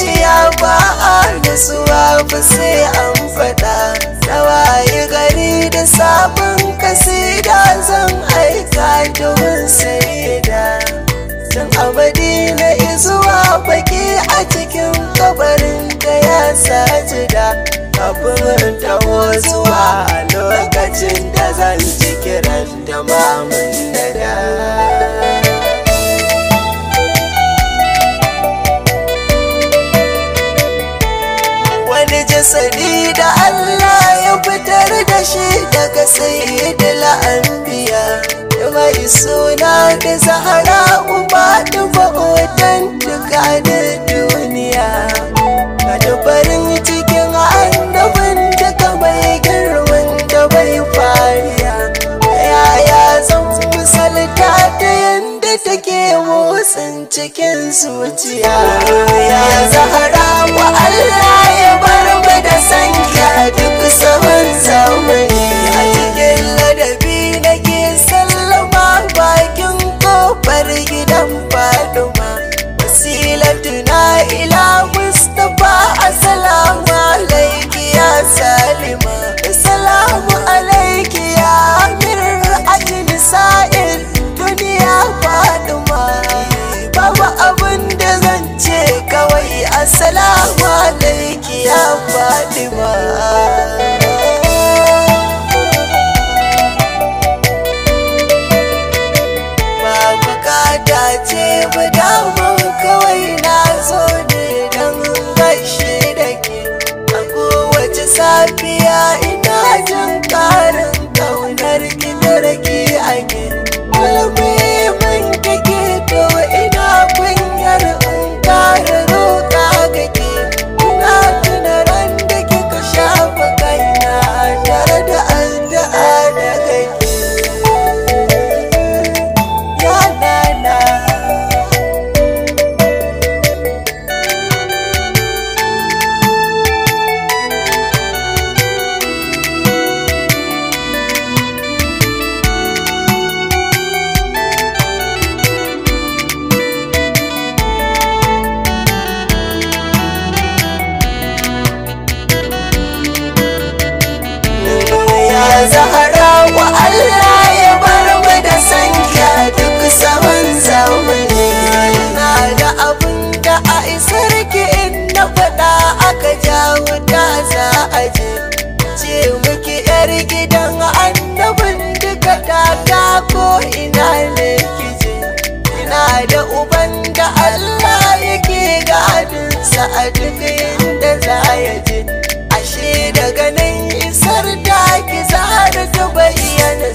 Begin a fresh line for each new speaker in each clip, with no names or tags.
zuciya ba a nasuwa ba sai an faɗa da waye gari da sabon kasida zan aika domin sayida don abadi na izuwa baki a cikin kabarin da ya sajida kafin taho zuwa sani da Allah ya fitar da shi daga sayyidil anbiya mai suna da zahara uba duba otan dukkanin duniya ka da farin cikin annabin ka bai girman da bai fariya yaya zan misalta ta yadda take motsin cikin zuciya ya zahara wa Allah ya bar zahara wa Allah ya bar mu da sanya duk saman zamani na da abin da a isar ki in na faɗa aka jawo da za a je ce muke yar gidan annabin duka ta ko ina ne je. ina da uban da Allah yake gadinsa a duk inda za ya je ashe daga nan isar da ki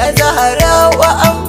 أزهر وأمر